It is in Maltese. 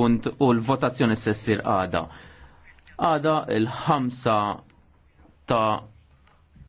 punt u l-votazzjoni s-sessir għada. Għada il ħamsa ta'